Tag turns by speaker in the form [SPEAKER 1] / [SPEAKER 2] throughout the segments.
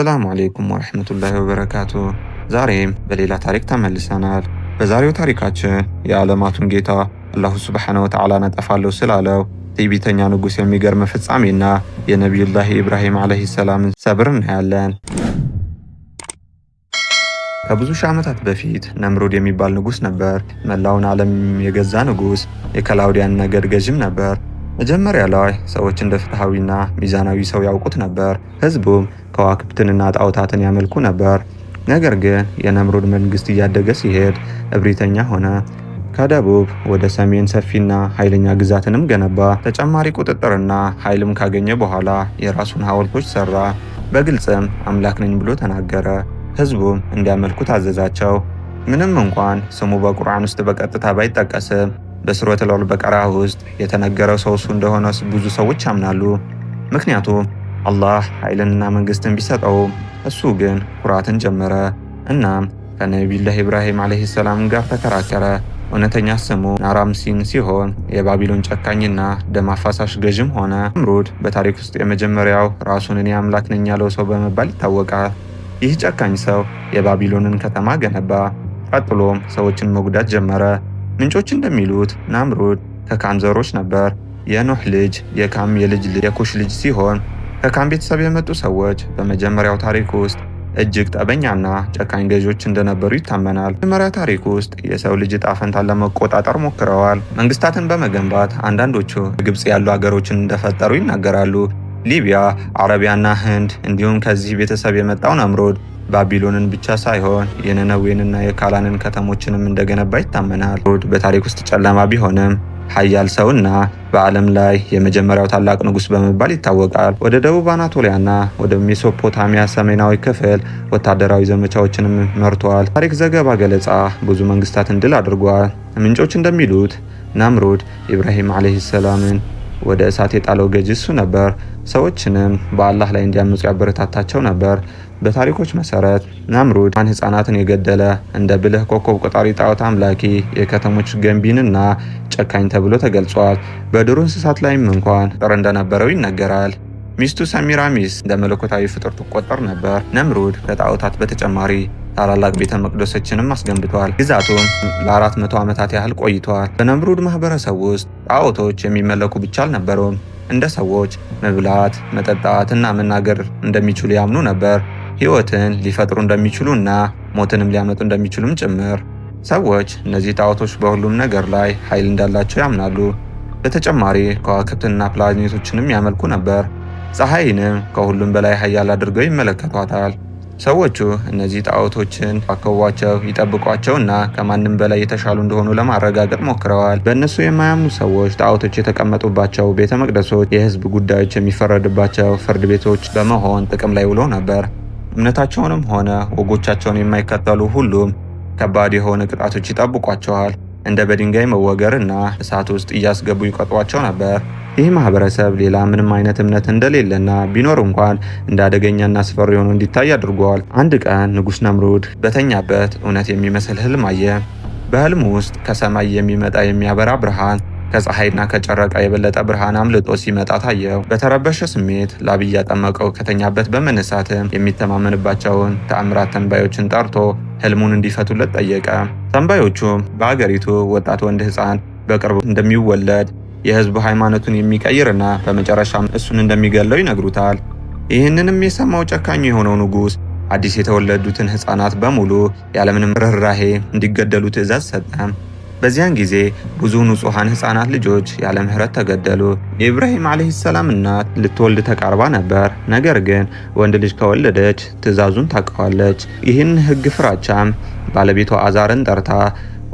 [SPEAKER 1] ሰላም አሌይኩም ወረህመቱላሂ ወበረካቱ። ዛሬም በሌላ ታሪክ ተመልሰናል። በዛሬው ታሪካችን የዓለማቱን ጌታ አላሁ ስብሓነ ወተዓላ ነጠፋለሁ ስላለው ትዕቢተኛ ንጉሥ የሚገርም ፍጻሜና የነቢዩላህ ኢብራሂም ዓለይሂ ሰላምን ሰብር እናያለን። ከብዙ ሺህ ዓመታት በፊት ነምሩድ የሚባል ንጉሥ ነበር። መላውን ዓለም የገዛ ንጉሥ፣ የከላውዲያን ነገድ ገዥም ነበር። መጀመሪያ ላይ ሰዎች እንደ ፍትሐዊና ሚዛናዊ ሰው ያውቁት ነበር። ህዝቡም ከዋክብትንና ጣዖታትን ያመልኩ ነበር። ነገር ግን የነምሩድ መንግስት እያደገ ሲሄድ እብሪተኛ ሆነ። ከደቡብ ወደ ሰሜን ሰፊና ኃይለኛ ግዛትንም ገነባ። ተጨማሪ ቁጥጥርና ኃይልም ካገኘ በኋላ የራሱን ሐውልቶች ሰራ። በግልጽም አምላክ ነኝ ብሎ ተናገረ። ህዝቡም እንዲያመልኩ ታዘዛቸው። ምንም እንኳን ስሙ በቁርአን ውስጥ በቀጥታ ባይጠቀስም በሱረቱል በቀራ ውስጥ የተነገረው ሰው እሱ እንደሆነ ብዙ ሰዎች ያምናሉ። ምክንያቱም አላህ ኃይልንና መንግስትን ቢሰጠው እሱ ግን ኩራትን ጀመረ። እናም ከነቢዩላህ ኢብራሂም ዓለይሂ ሰላም ጋር ተከራከረ። እውነተኛ ስሙ ናራምሲን ሲሆን የባቢሎን ጨካኝና ደም አፋሳሽ ገዥም ሆነ። እምሩድ በታሪክ ውስጥ የመጀመሪያው ራሱን እኔ አምላክ ነኝ ያለው ሰው በመባል ይታወቃል። ይህ ጨካኝ ሰው የባቢሎንን ከተማ ገነባ። ቀጥሎም ሰዎችን መጉዳት ጀመረ። ምንጮች እንደሚሉት ናምሩድ ከካም ዘሮች ነበር። የኖህ ልጅ የካም የልጅ የኩሽ ልጅ ሲሆን ከካም ቤተሰብ የመጡ ሰዎች በመጀመሪያው ታሪክ ውስጥ እጅግ ጠበኛና ጨካኝ ገዢዎች እንደነበሩ ይታመናል። መጀመሪያ ታሪክ ውስጥ የሰው ልጅ ዕጣ ፈንታን ለመቆጣጠር ሞክረዋል። መንግስታትን በመገንባት አንዳንዶቹ ግብጽ ያሉ አገሮችን እንደፈጠሩ ይናገራሉ። ሊቢያ፣ አረቢያና ህንድ እንዲሁም ከዚህ ቤተሰብ የመጣው ናምሩድ ባቢሎንን ብቻ ሳይሆን የነነዌንና የካላንን ከተሞችንም እንደገነባ ይታመናል። ሮድ በታሪክ ውስጥ ጨለማ ቢሆንም ኃያል ሰውና በዓለም ላይ የመጀመሪያው ታላቅ ንጉስ በመባል ይታወቃል። ወደ ደቡብ አናቶሊያና ወደ ሜሶፖታሚያ ሰሜናዊ ክፍል ወታደራዊ ዘመቻዎችንም መርቷል። ታሪክ ዘገባ ገለጻ ብዙ መንግስታትን ድል አድርጓል። ምንጮች እንደሚሉት ናምሩድ ኢብራሂም ዓለይሂ ሰላምን ወደ እሳት የጣለው ገዢ እሱ ነበር። ሰዎችንም በአላህ ላይ እንዲያምፁ ያበረታታቸው ነበር። በታሪኮች መሰረት ናምሩድ ማን ህፃናትን የገደለ እንደ ብልህ ኮከብ ቆጣሪ ጣዖት አምላኪ፣ የከተሞች ገንቢንና ጨካኝ ተብሎ ተገልጿል። በዱር እንስሳት ላይም እንኳን ጥር እንደነበረው ይነገራል። ሚስቱ ሰሚራሚስ እንደ መለኮታዊ ፍጡር ትቆጠር ነበር። ነምሩድ ከጣዖታት በተጨማሪ ታላላቅ ቤተ መቅደሶችንም አስገንብቷል። ግዛቱም ለአራት መቶ ዓመታት ያህል ቆይቷል። በነምሩድ ማህበረሰብ ውስጥ ጣዖቶች የሚመለኩ ብቻ አልነበሩም። እንደ ሰዎች መብላት፣ መጠጣት እና መናገር እንደሚችሉ ያምኑ ነበር። ሕይወትን ሊፈጥሩ እንደሚችሉ እና ሞትንም ሊያመጡ እንደሚችሉም ጭምር። ሰዎች እነዚህ ጣዖቶች በሁሉም ነገር ላይ ኃይል እንዳላቸው ያምናሉ። በተጨማሪ ከዋክብትና ፕላኔቶችንም ያመልኩ ነበር። ፀሐይንም ከሁሉም በላይ ኃያል አድርገው ይመለከቷታል። ሰዎቹ እነዚህ ጣዖቶችን አከቧቸው፣ ይጠብቋቸው እና ከማንም በላይ የተሻሉ እንደሆኑ ለማረጋገጥ ሞክረዋል። በእነሱ የማያምኑ ሰዎች ጣዖቶች የተቀመጡባቸው ቤተ መቅደሶች የህዝብ ጉዳዮች የሚፈረድባቸው ፍርድ ቤቶች በመሆን ጥቅም ላይ ውለው ነበር። እምነታቸውንም ሆነ ወጎቻቸውን የማይከተሉ ሁሉም ከባድ የሆነ ቅጣቶች ይጠብቋቸዋል። እንደ በድንጋይ መወገር እና እሳት ውስጥ እያስገቡ ይቀጧቸው ነበር። ይህ ማህበረሰብ ሌላ ምንም አይነት እምነት እንደሌለና ቢኖር እንኳን እንደ አደገኛና አስፈሪ ሆኖ እንዲታይ አድርጓል። አንድ ቀን ንጉሥ ነምሩድ በተኛበት እውነት የሚመስል ህልም አየ። በህልም ውስጥ ከሰማይ የሚመጣ የሚያበራ ብርሃን ከፀሐይና ከጨረቃ የበለጠ ብርሃን አምልጦ ሲመጣ ታየው። በተረበሸ ስሜት ላብ እያጠመቀው ከተኛበት በመነሳትም የሚተማመንባቸውን ተአምራት ተንባዮችን ጠርቶ ህልሙን እንዲፈቱለት ጠየቀ። ተንባዮቹም በአገሪቱ ወጣት ወንድ ህፃን በቅርቡ እንደሚወለድ የህዝብ ሃይማኖቱን የሚቀይር እና በመጨረሻም እሱን እንደሚገለው ይነግሩታል። ይህንንም የሰማው ጨካኙ የሆነው ንጉሥ አዲስ የተወለዱትን ሕፃናት በሙሉ ያለምንም ርኅራሄ እንዲገደሉ ትእዛዝ ሰጠ። በዚያን ጊዜ ብዙ ንጹሐን ሕፃናት ልጆች ያለ ምሕረት ተገደሉ። የኢብራሂም ዓለይሂ ሰላም እናት ልትወልድ ተቃርባ ነበር። ነገር ግን ወንድ ልጅ ከወለደች ትእዛዙን ታውቀዋለች። ይህን ሕግ ፍራቻም ባለቤቷ አዛርን ጠርታ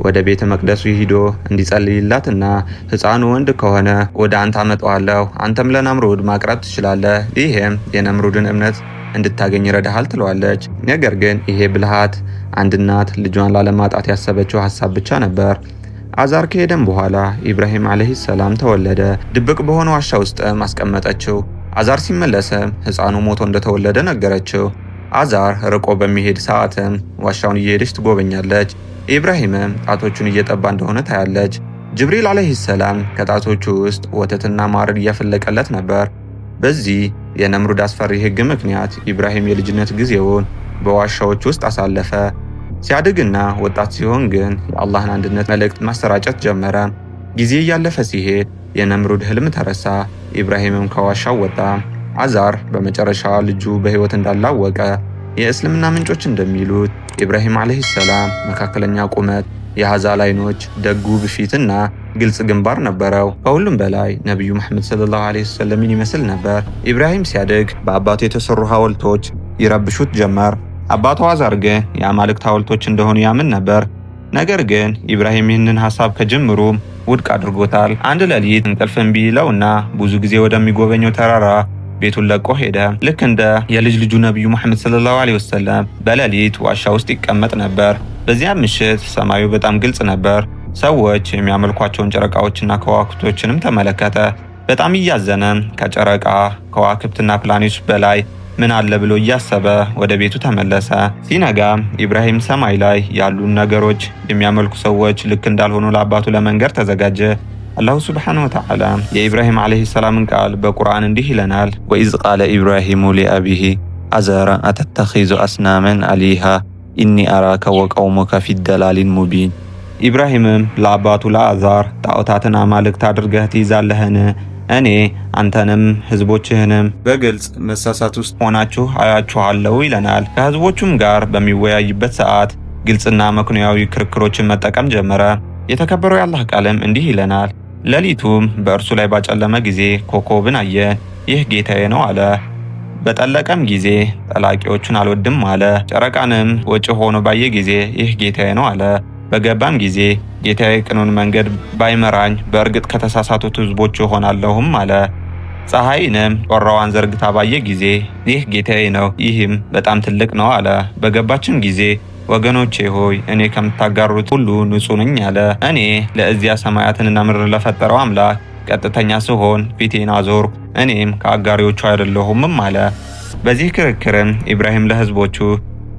[SPEAKER 1] ወደ ቤተ መቅደሱ ሂዶ እንዲጸልይላትና ሕፃኑ ወንድ ከሆነ ወደ አንተ አመጣዋለሁ፣ አንተም ለናምሩድ ማቅረብ ትችላለህ፣ ይህም የናምሩድን እምነት እንድታገኝ ይረዳሃል ትለዋለች። ነገር ግን ይሄ ብልሃት አንድ እናት ልጇን ላለማጣት ያሰበችው ሀሳብ ብቻ ነበር። አዛር ከሄደም በኋላ ኢብራሂም ዓለይሂ ሰላም ተወለደ። ድብቅ በሆነ ዋሻ ውስጥም አስቀመጠችው። አዛር ሲመለስም ሕፃኑ ሞቶ እንደተወለደ ነገረችው። አዛር ርቆ በሚሄድ ሰዓትም ዋሻውን እየሄደች ትጎበኛለች። ኢብራሂምም ጣቶቹን እየጠባ እንደሆነ ታያለች። ጅብሪል አለይሂ ሰላም ከጣቶቹ ውስጥ ወተትና ማርን እያፈለቀለት ነበር። በዚህ የነምሩድ አስፈሪ ሕግ ምክንያት ኢብራሂም የልጅነት ጊዜውን በዋሻዎች ውስጥ አሳለፈ። ሲያድግና ወጣት ሲሆን ግን የአላህን አንድነት መልእክት ማሰራጨት ጀመረ። ጊዜ እያለፈ ሲሄድ የነምሩድ ህልም ተረሳ። ኢብራሂምም ከዋሻው ወጣ። አዛር በመጨረሻ ልጁ በሕይወት እንዳላወቀ የእስልምና ምንጮች እንደሚሉት ኢብራሂም ዓለይሂ ሰላም መካከለኛ ቁመት፣ የሐዛል አይኖች፣ ደግ ውብ ፊትና ግልጽ ግንባር ነበረው። ከሁሉም በላይ ነቢዩ መሐመድ ሰለላሁ ዓለይሂ ወሰለምን ይመስል ነበር። ኢብራሂም ሲያድግ በአባቱ የተሰሩ ሐውልቶች ይረብሹት ጀመር። አባቱ አዛርገ ግን የአማልክት ሐውልቶች እንደሆኑ ያምን ነበር። ነገር ግን ኢብራሂም ይህንን ሐሳብ ከጅምሩ ውድቅ አድርጎታል። አንድ ሌሊት እንቅልፍ እምቢ ይለውና ብዙ ጊዜ ወደሚጎበኘው ተራራ ቤቱን ለቆ ሄደ። ልክ እንደ የልጅ ልጁ ነቢዩ ሙሐመድ ሰለላሁ ዐለይሂ ወሰለም በሌሊት ዋሻ ውስጥ ይቀመጥ ነበር። በዚያም ምሽት ሰማዩ በጣም ግልጽ ነበር። ሰዎች የሚያመልኳቸውን ጨረቃዎችና ከዋክብቶችንም ተመለከተ። በጣም እያዘነ ከጨረቃ ከዋክብትና ፕላኔቶች በላይ ምን አለ ብሎ እያሰበ ወደ ቤቱ ተመለሰ። ሲነጋ ኢብራሂም ሰማይ ላይ ያሉን ነገሮች የሚያመልኩ ሰዎች ልክ እንዳልሆኑ ለአባቱ ለመንገር ተዘጋጀ። አላሁ ስብሓን ወተዓላ የኢብራሂም ዓለይህ ሰላምን ቃል በቁርአን እንዲህ ይለናል። ወኢዝ ቃለ ኢብራሂሙ ሊአቢሂ አዘራ አተተኺዙ አስናመን አሊሃ ኢኒ አራከ ወቀውሙከ ፊደላሊን ሙቢን። ኢብራሂምም ለአባቱ ለአዛር ጣዖታትን አማልክት አድርገህ ትይዛለህን? እኔ አንተንም ሕዝቦችህንም በግልጽ መሳሳት ውስጥ ሆናችሁ አያችኋለሁ ይለናል። ከህዝቦቹም ጋር በሚወያይበት ሰዓት ግልጽና ምክንያዊ ክርክሮችን መጠቀም ጀመረ። የተከበረው የአላህ ቃልም እንዲህ ይለናል ሌሊቱም በእርሱ ላይ ባጨለመ ጊዜ ኮከብን አየ። ይህ ጌታዬ ነው አለ። በጠለቀም ጊዜ ጠላቂዎቹን አልወድም አለ። ጨረቃንም ወጪ ሆኖ ባየ ጊዜ ይህ ጌታዬ ነው አለ። በገባም ጊዜ ጌታዬ ቅኑን መንገድ ባይመራኝ በእርግጥ ከተሳሳቱት ሕዝቦች እሆናለሁም አለ። ፀሐይንም ጮራዋን ዘርግታ ባየ ጊዜ ይህ ጌታዬ ነው፣ ይህም በጣም ትልቅ ነው አለ። በገባችም ጊዜ ወገኖቼ ሆይ እኔ ከምታጋሩት ሁሉ ንጹህ ነኝ አለ። እኔ ለእዚያ ሰማያትንና ምድርን ለፈጠረው አምላክ ቀጥተኛ ስሆን ፊቴን አዞርኩ፣ እኔም ከአጋሪዎቹ አይደለሁምም አለ። በዚህ ክርክርም ኢብራሂም ለህዝቦቹ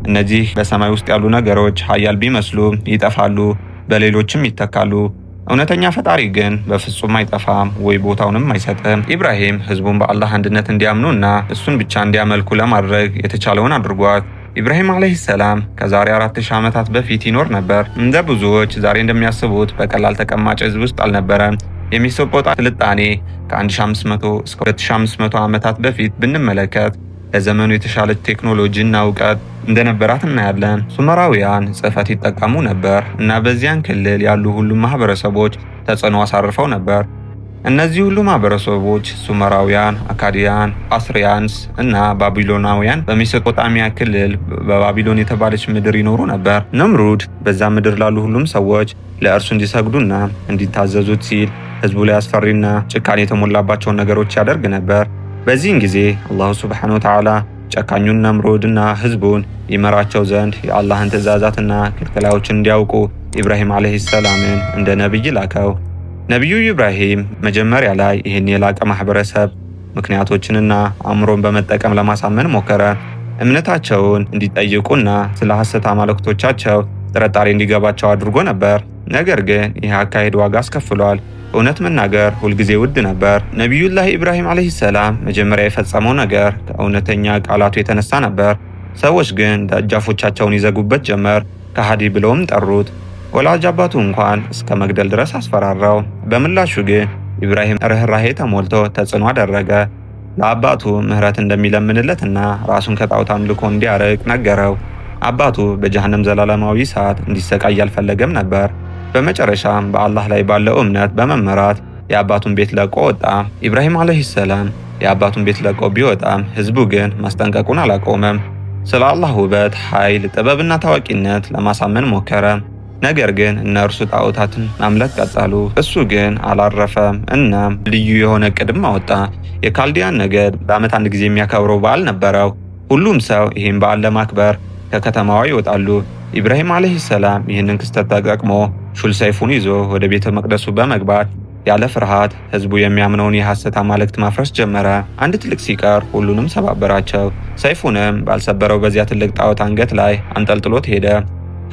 [SPEAKER 1] እነዚህ በሰማይ ውስጥ ያሉ ነገሮች ኃያል ቢመስሉ ይጠፋሉ፣ በሌሎችም ይተካሉ። እውነተኛ ፈጣሪ ግን በፍጹም አይጠፋም ወይ ቦታውንም አይሰጥም። ኢብራሂም ህዝቡን በአላህ አንድነት እንዲያምኑና እሱን ብቻ እንዲያመልኩ ለማድረግ የተቻለውን አድርጓት ኢብራሂም አለይሂ ሰላም ከዛሬ 4000 ዓመታት በፊት ይኖር ነበር። እንደ ብዙዎች ዛሬ እንደሚያስቡት በቀላል ተቀማጭ ህዝብ ውስጥ አልነበረም። የሜሶጶጣሚያ ስልጣኔ ከ1500 እስከ 2500 ዓመታት በፊት ብንመለከት ለዘመኑ የተሻለች ቴክኖሎጂ እና እውቀት እንደነበራት እናያለን። ሱመራውያን ጽህፈት ይጠቀሙ ነበር እና በዚያን ክልል ያሉ ሁሉም ማህበረሰቦች ተጽዕኖ አሳርፈው ነበር። እነዚህ ሁሉ ማህበረሰቦች ሱመራውያን፣ አካዲያን፣ አስሪያንስ እና ባቢሎናውያን በሜሶፖጣሚያ ክልል በባቢሎን የተባለች ምድር ይኖሩ ነበር። ነምሩድ በዛ ምድር ላሉ ሁሉም ሰዎች ለእርሱ እንዲሰግዱና እንዲታዘዙት ሲል ህዝቡ ላይ አስፈሪና ጭካኔ የተሞላባቸውን ነገሮች ያደርግ ነበር። በዚህን ጊዜ አላሁ ስብሓነሁ ወተዓላ ጨካኙን ነምሩድና ህዝቡን ይመራቸው ዘንድ የአላህን ትእዛዛትና ክልከላዎችን እንዲያውቁ ኢብራሂም ዓለይሂ ሰላምን እንደ ነቢይ ላከው። ነቢዩ ኢብራሂም መጀመሪያ ላይ ይህን የላቀ ማህበረሰብ ምክንያቶችንና አእምሮን በመጠቀም ለማሳመን ሞከረ። እምነታቸውን እንዲጠይቁና ስለ ሐሰት አማልክቶቻቸው ጥርጣሬ እንዲገባቸው አድርጎ ነበር። ነገር ግን ይህ አካሄድ ዋጋ አስከፍሏል። እውነት መናገር ሁልጊዜ ውድ ነበር። ነቢዩላህ ኢብራሂም ዓለይሂ ሰላም መጀመሪያ የፈጸመው ነገር ከእውነተኛ ቃላቱ የተነሳ ነበር። ሰዎች ግን ደጃፎቻቸውን ይዘጉበት ጀመር፣ ከሃዲ ብለውም ጠሩት። ወላጅ አባቱ እንኳን እስከ መግደል ድረስ አስፈራራው። በምላሹ ግን ኢብራሂም ርኅራሄ ተሞልቶ ተጽዕኖ አደረገ። ለአባቱ ምህረት እንደሚለምንለትና ራሱን ከጣዖት አምልኮ እንዲያርቅ ነገረው። አባቱ በጀሃነም ዘላለማዊ እሳት እንዲሰቃይ አልፈለገም ነበር። በመጨረሻም በአላህ ላይ ባለው እምነት በመመራት የአባቱን ቤት ለቆ ወጣ። ኢብራሂም አለይሂ ሰላም የአባቱን ቤት ለቆ ቢወጣም ህዝቡ ግን ማስጠንቀቁን አላቆመም። ስለ አላህ ውበት፣ ኃይል፣ ጥበብና ታዋቂነት ለማሳመን ሞከረ። ነገር ግን እነርሱ ጣዖታትን አምለክ ቀጠሉ። እሱ ግን አላረፈም። እናም ልዩ የሆነ ቅድም አወጣ። የካልዲያን ነገድ በዓመት አንድ ጊዜ የሚያከብረው በዓል ነበረው። ሁሉም ሰው ይህን በዓል ለማክበር ከከተማዋ ይወጣሉ። ኢብራሂም ዓለይሂ ሰላም ይህንን ክስተት ተጠቅሞ ሹል ሰይፉን ይዞ ወደ ቤተ መቅደሱ በመግባት ያለ ፍርሃት ህዝቡ የሚያምነውን የሐሰት አማልክት ማፍረስ ጀመረ። አንድ ትልቅ ሲቀር ሁሉንም ሰባበራቸው። ሰይፉንም ባልሰበረው በዚያ ትልቅ ጣዖት አንገት ላይ አንጠልጥሎት ሄደ።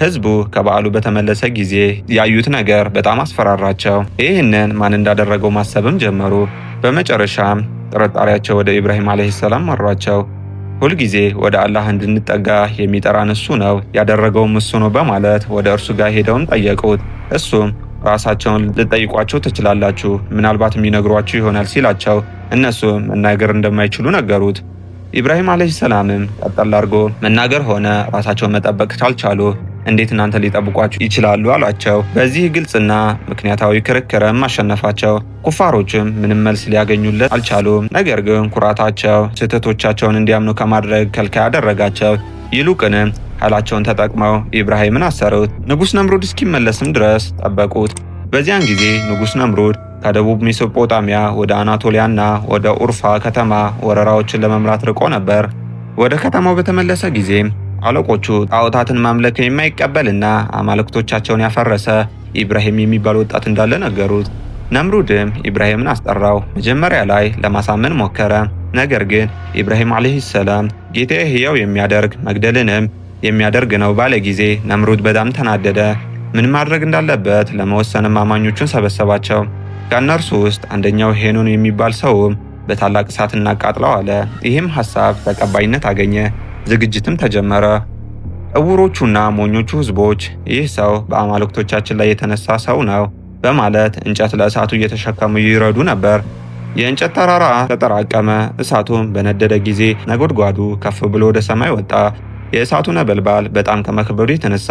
[SPEAKER 1] ህዝቡ ከበዓሉ በተመለሰ ጊዜ ያዩት ነገር በጣም አስፈራራቸው። ይህንን ማን እንዳደረገው ማሰብም ጀመሩ። በመጨረሻም ጥርጣሬያቸው ወደ ኢብራሂም ዓለይሂ ሰላም መሯቸው። ሁልጊዜ ወደ አላህ እንድንጠጋ የሚጠራን እሱ ነው፣ ያደረገውም እሱ ነው በማለት ወደ እርሱ ጋር ሄደውም ጠየቁት። እሱም ራሳቸውን ልጠይቋቸው ትችላላችሁ፣ ምናልባት የሚነግሯችሁ ይሆናል ሲላቸው እነሱም መናገር እንደማይችሉ ነገሩት። ኢብራሂም ዓለይሂ ሰላምም ቀጠል አድርጎ መናገር ሆነ ራሳቸውን መጠበቅ ካልቻሉ እንዴት እናንተ ሊጠብቋችሁ ይችላሉ አሏቸው። በዚህ ግልጽና ምክንያታዊ ክርክርም አሸነፋቸው። ኩፋሮችም ምንም መልስ ሊያገኙለት አልቻሉም። ነገር ግን ኩራታቸው ስህተቶቻቸውን እንዲያምኑ ከማድረግ ከልካይ አደረጋቸው። ይልቁንም ኃይላቸውን ተጠቅመው ኢብራሂምን አሰሩት። ንጉሥ ነምሩድ እስኪመለስም ድረስ ጠበቁት። በዚያን ጊዜ ንጉሥ ነምሩድ ከደቡብ ሜሶጶጣሚያ ወደ አናቶሊያና ወደ ኡርፋ ከተማ ወረራዎችን ለመምራት ርቆ ነበር። ወደ ከተማው በተመለሰ ጊዜ አለቆቹ ጣዖታትን ማምለክን የማይቀበልና አማልክቶቻቸውን ያፈረሰ ኢብራሂም የሚባል ወጣት እንዳለ ነገሩት። ነምሩድም ኢብራሂምን አስጠራው። መጀመሪያ ላይ ለማሳመን ሞከረ። ነገር ግን ኢብራሂም ዓለይሂ ሰላም ጌታዬ ሕያው የሚያደርግ መግደልንም የሚያደርግ ነው ባለ ጊዜ ነምሩድ በጣም ተናደደ። ምን ማድረግ እንዳለበት ለመወሰንም አማኞቹን ሰበሰባቸው። ከእነርሱ ውስጥ አንደኛው ሄኖን የሚባል ሰውም በታላቅ እሳት እናቃጥለው አለ። ይህም ሐሳብ ተቀባይነት አገኘ። ዝግጅትም ተጀመረ። እውሮቹና ሞኞቹ ህዝቦች ይህ ሰው በአማልክቶቻችን ላይ የተነሳ ሰው ነው በማለት እንጨት ለእሳቱ እየተሸከሙ ይረዱ ነበር። የእንጨት ተራራ ተጠራቀመ። እሳቱም በነደደ ጊዜ ነጎድጓዱ ከፍ ብሎ ወደ ሰማይ ወጣ። የእሳቱ ነበልባል በጣም ከመክበዱ የተነሳ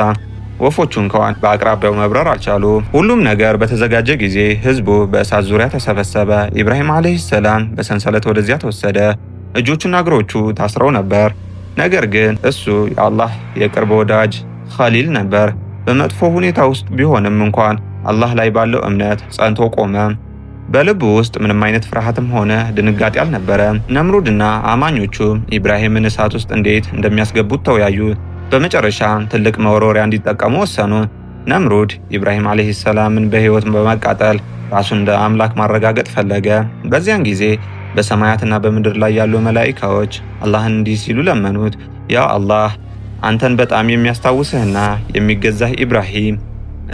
[SPEAKER 1] ወፎቹ እንኳን በአቅራቢያው መብረር አልቻሉ። ሁሉም ነገር በተዘጋጀ ጊዜ ህዝቡ በእሳት ዙሪያ ተሰበሰበ። ኢብራሂም ዓለይሂ ሰላም በሰንሰለት ወደዚያ ተወሰደ። እጆቹና እግሮቹ ታስረው ነበር። ነገር ግን እሱ የአላህ የቅርብ ወዳጅ ኸሊል ነበር። በመጥፎ ሁኔታ ውስጥ ቢሆንም እንኳን አላህ ላይ ባለው እምነት ጸንቶ ቆመ። በልቡ ውስጥ ምንም አይነት ፍርሃትም ሆነ ድንጋጤ አልነበረም። ነምሩድና አማኞቹ ኢብራሂምን እሳት ውስጥ እንዴት እንደሚያስገቡት ተወያዩ። በመጨረሻ ትልቅ መወርወሪያ እንዲጠቀሙ ወሰኑ። ነምሩድ ኢብራሂም ዓለይሂ ሰላምን በሕይወት በመቃጠል ራሱን እንደ አምላክ ማረጋገጥ ፈለገ። በዚያን ጊዜ በሰማያትና በምድር ላይ ያሉ መላኢካዎች አላህን እንዲህ ሲሉ ለመኑት፣ ያ አላህ አንተን በጣም የሚያስታውስህና የሚገዛህ ኢብራሂም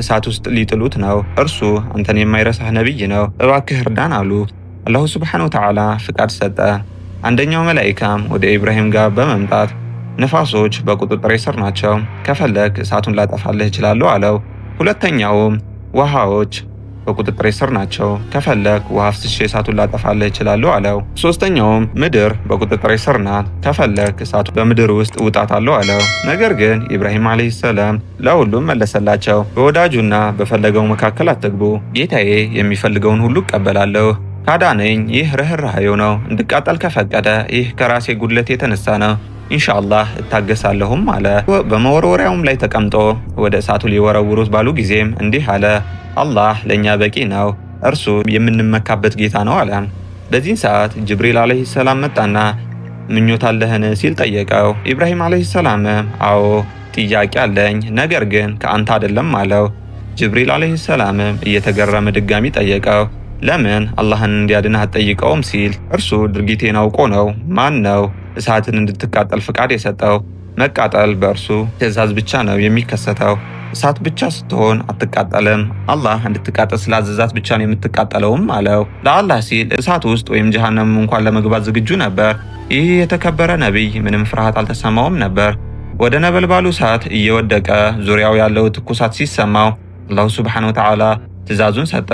[SPEAKER 1] እሳት ውስጥ ሊጥሉት ነው። እርሱ አንተን የማይረሳህ ነቢይ ነው። እባክህ እርዳን አሉ። አላሁ ስብሓነ ወተዓላ ፍቃድ ሰጠ። አንደኛው መላኢካም ወደ ኢብራሂም ጋር በመምጣት ነፋሶች በቁጥጥር ስር ናቸው፣ ከፈለግ እሳቱን ላጠፋልህ እችላለሁ አለው። ሁለተኛውም ውሃዎች በቁጥጥር ስር ናቸው። ከፈለግ ውሃ አፍስሼ እሳቱን ላጠፋልህ እችላለሁ አለው። ሶስተኛውም ምድር በቁጥጥር ስር ናት፣ ከፈለግ እሳቱ በምድር ውስጥ እውጣታለሁ አለው። ነገር ግን ኢብራሂም ዓለይሂ ሰላም ለሁሉም መለሰላቸው፣ በወዳጁና በፈለገው መካከል አትግቡ። ጌታዬ የሚፈልገውን ሁሉ እቀበላለሁ ካዳነኝ ይህ ርኅራኄው ነው። እንድቃጠል ከፈቀደ ይህ ከራሴ ጉድለት የተነሳ ነው። ኢንሻአላህ እታገሳለሁም አለ። በመወርወሪያውም ላይ ተቀምጦ ወደ እሳቱ ሊወረውሩት ባሉ ጊዜም እንዲህ አለ አላህ ለእኛ በቂ ነው፣ እርሱ የምንመካበት ጌታ ነው አለ። በዚህን ሰዓት ጅብሪል ዓለይሂ ሰላም መጣና ምኞት አለህን ሲል ጠየቀው። ኢብራሂም ዓለይሂ ሰላም አዎ ጥያቄ አለኝ፣ ነገር ግን ከአንተ አይደለም አለው። ጅብሪል ዓለይሂ ሰላም እየተገረመ ድጋሚ ጠየቀው። ለምን አላህን እንዲያድን አትጠይቀውም ሲል እርሱ ድርጊቴን አውቆ ነው ማን ነው እሳትን እንድትቃጠል ፍቃድ የሰጠው መቃጠል በእርሱ ትእዛዝ ብቻ ነው የሚከሰተው። እሳት ብቻ ስትሆን አትቃጠልም። አላህ እንድትቃጠል ስላዘዛት ብቻ ነው የምትቃጠለውም አለው። ለአላህ ሲል እሳት ውስጥ ወይም ጀሃነም እንኳን ለመግባት ዝግጁ ነበር። ይህ የተከበረ ነቢይ ምንም ፍርሃት አልተሰማውም ነበር። ወደ ነበልባሉ እሳት እየወደቀ ዙሪያው ያለው ትኩሳት ሲሰማው አላሁ ስብሓነ ወተዓላ ትእዛዙን ሰጠ።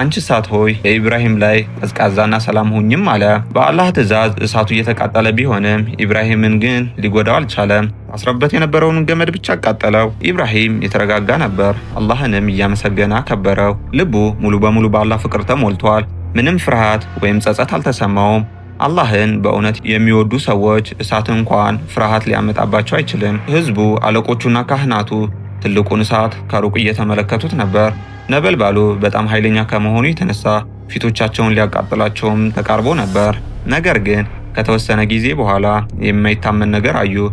[SPEAKER 1] አንቺ እሳት ሆይ በኢብራሂም ላይ ቀዝቃዛና ሰላም ሁኝም አለ። በአላህ ትእዛዝ እሳቱ እየተቃጠለ ቢሆንም ኢብራሂምን ግን ሊጎዳው አልቻለም። አስረበት የነበረውን ገመድ ብቻ አቃጠለው። ኢብራሂም የተረጋጋ ነበር፣ አላህንም እያመሰገነ አከበረው። ልቡ ሙሉ በሙሉ በአላህ ፍቅር ተሞልቷል። ምንም ፍርሃት ወይም ጸጸት አልተሰማውም። አላህን በእውነት የሚወዱ ሰዎች እሳት እንኳን ፍርሃት ሊያመጣባቸው አይችልም። ህዝቡ፣ አለቆቹና ካህናቱ ትልቁን እሳት ከሩቅ እየተመለከቱት ነበር። ነበልባሉ በጣም ኃይለኛ ከመሆኑ የተነሳ ፊቶቻቸውን ሊያቃጥላቸውም ተቃርቦ ነበር። ነገር ግን ከተወሰነ ጊዜ በኋላ የማይታመን ነገር አዩ።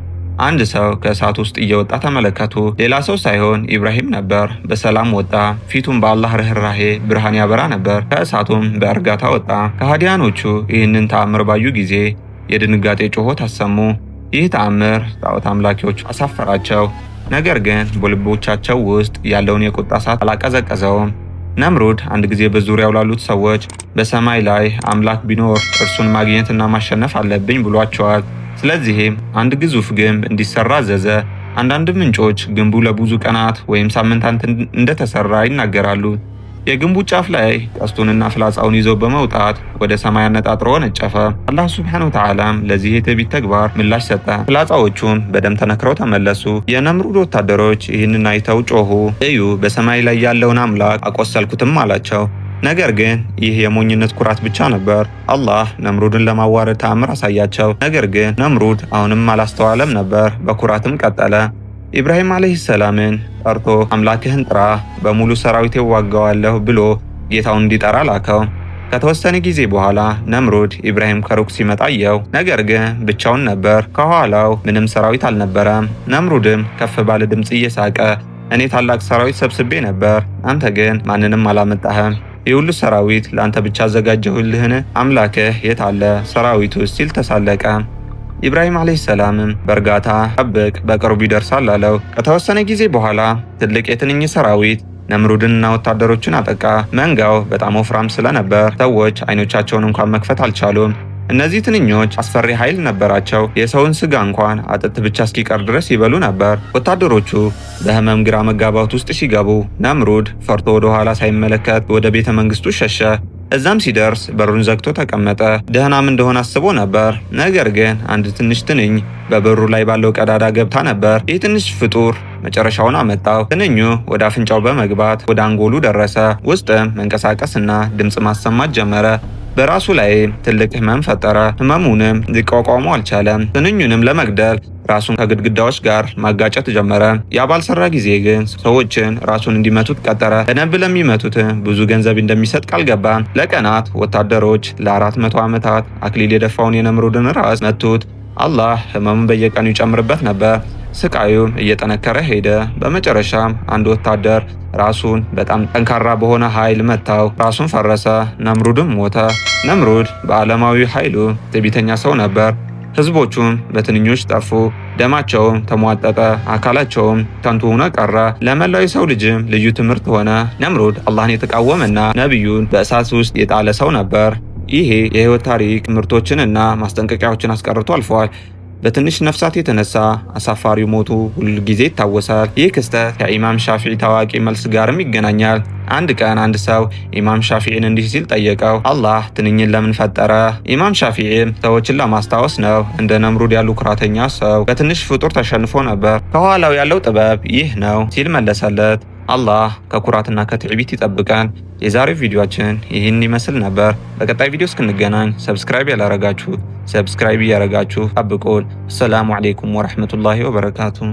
[SPEAKER 1] አንድ ሰው ከእሳት ውስጥ እየወጣ ተመለከቱ። ሌላ ሰው ሳይሆን ኢብራሂም ነበር። በሰላም ወጣ። ፊቱም በአላህ ርኅራሄ ብርሃን ያበራ ነበር። ከእሳቱም በእርጋታ ወጣ። ከሃዲያኖቹ ይህንን ተአምር ባዩ ጊዜ የድንጋጤ ጩኸት አሰሙ። ይህ ተአምር ጣዖት አምላኪዎች አሳፈራቸው። ነገር ግን በልቦቻቸው ውስጥ ያለውን የቁጣ እሳት አላቀዘቀዘውም። ነምሩድ አንድ ጊዜ በዙሪያው ላሉት ሰዎች በሰማይ ላይ አምላክ ቢኖር እርሱን ማግኘትና ማሸነፍ አለብኝ ብሏቸዋል። ስለዚህም አንድ ግዙፍ ግንብ እንዲሰራ አዘዘ። አንዳንድ ምንጮች ግንቡ ለብዙ ቀናት ወይም ሳምንታት እንደተሰራ ይናገራሉ። የግንቡ ጫፍ ላይ ቀስቱንና ፍላጻውን ይዞ በመውጣት ወደ ሰማይ አነጣጥሮ ነጨፈ። አላህ ሱብሓነሁ ወተዓላ ለዚህ የትዕቢት ተግባር ምላሽ ሰጠ። ፍላጻዎቹም በደም ተነክረው ተመለሱ። የነምሩድ ወታደሮች ይህንን አይተው ጮሁ፣ እዩ በሰማይ ላይ ያለውን አምላክ አቆሰልኩትም አላቸው። ነገር ግን ይህ የሞኝነት ኩራት ብቻ ነበር። አላህ ነምሩድን ለማዋረድ ተአምር አሳያቸው። ነገር ግን ነምሩድ አሁንም አላስተዋለም ነበር፣ በኩራትም ቀጠለ። ኢብራሂም ዓለይሂ ሰላምን ጠርቶ አምላክህን ጥራ በሙሉ ሰራዊቴ እዋጋዋለሁ ብሎ ጌታውን እንዲጠራ ላከው። ከተወሰነ ጊዜ በኋላ ነምሩድ ኢብራሂም ከሩቅ ሲመጣ አየው። ነገር ግን ብቻውን ነበር፣ ከኋላው ምንም ሰራዊት አልነበረም። ነምሩድም ከፍ ባለ ድምፅ እየሳቀ እኔ ታላቅ ሰራዊት ሰብስቤ ነበር፣ አንተ ግን ማንንም አላመጣህም። የሁሉ ሰራዊት ለአንተ ብቻ አዘጋጀሁልህን? አምላክህ የት አለ ሰራዊቱ ሲል ተሳለቀ። ኢብራሂም ዓለይሂ ሰላምም በእርጋታ ጠብቅ፣ በቅርቡ ይደርሳል አለው። ከተወሰነ ጊዜ በኋላ ትልቅ የትንኝ ሰራዊት ነምሩድንና ወታደሮቹን አጠቃ። መንጋው በጣም ወፍራም ስለነበር ሰዎች አይኖቻቸውን እንኳን መክፈት አልቻሉም። እነዚህ ትንኞች አስፈሪ ኃይል ነበራቸው። የሰውን ስጋ እንኳን አጥንት ብቻ እስኪቀር ድረስ ይበሉ ነበር። ወታደሮቹ በህመም ግራ መጋባት ውስጥ ሲገቡ ነምሩድ ፈርቶ ወደ ኋላ ሳይመለከት ወደ ቤተ መንግስቱ ሸሸ። እዛም ሲደርስ በሩን ዘግቶ ተቀመጠ። ደህናም እንደሆነ አስቦ ነበር። ነገር ግን አንድ ትንሽ ትንኝ በበሩ ላይ ባለው ቀዳዳ ገብታ ነበር። ይህ ትንሽ ፍጡር መጨረሻውን አመጣው። ትንኙ ወደ አፍንጫው በመግባት ወደ አንጎሉ ደረሰ። ውስጥም መንቀሳቀስና ድምፅ ማሰማት ጀመረ። በራሱ ላይ ትልቅ ህመም ፈጠረ። ህመሙንም ሊቋቋሙ አልቻለም። ትንኙንም ለመግደል ራሱን ከግድግዳዎች ጋር ማጋጨት ጀመረ። የአባል ሰራ ጊዜ ግን ሰዎችን ራሱን እንዲመቱት ቀጠረ። በደንብ ለሚመቱት ብዙ ገንዘብ እንደሚሰጥ ቃል ገባ። ለቀናት ወታደሮች ለአራት መቶ ዓመታት አክሊል የደፋውን የነምሩድን ራስ መቱት። አላህ ህመሙን በየቀኑ ይጨምርበት ነበር። ስቃዩም እየጠነከረ ሄደ። በመጨረሻም አንድ ወታደር ራሱን በጣም ጠንካራ በሆነ ኃይል መታው፣ ራሱን ፈረሰ። ነምሩድም ሞተ። ነምሩድ በዓለማዊ ኃይሉ ትዕቢተኛ ሰው ነበር። ህዝቦቹም በትንኞች ጠፉ፣ ደማቸውም ተሟጠጠ፣ አካላቸውም ከንቱ ሆነ ቀረ። ለመላው የሰው ልጅም ልዩ ትምህርት ሆነ። ነምሩድ አላህን የተቃወመና ነቢዩን በእሳት ውስጥ የጣለ ሰው ነበር። ይሄ የህይወት ታሪክ ምርቶችንና ማስጠንቀቂያዎችን አስቀርቶ አልፏል። በትንሽ ነፍሳት የተነሳ አሳፋሪው ሞቱ ሁል ጊዜ ይታወሳል። ይህ ክስተት ከኢማም ሻፊዒ ታዋቂ መልስ ጋርም ይገናኛል። አንድ ቀን አንድ ሰው ኢማም ሻፊዒን እንዲህ ሲል ጠየቀው፣ አላህ ትንኝን ለምን ፈጠረ? ኢማም ሻፊዒም ሰዎችን ለማስታወስ ነው። እንደ ነምሩድ ያሉ ኩራተኛ ሰው በትንሽ ፍጡር ተሸንፎ ነበር። ከኋላው ያለው ጥበብ ይህ ነው ሲል መለሰለት። አላህ ከኩራትና ከትዕቢት ይጠብቀን። የዛሬው ቪዲዮአችን ይህን ይመስል ነበር። በቀጣይ ቪዲዮ እስክንገናኝ ሰብስክራይብ ያላረጋችሁት ሰብስክራይብ እያደረጋችሁ ጠብቁን። አሰላሙ አሌይኩም ወረህመቱላሂ ወበረካቱሁ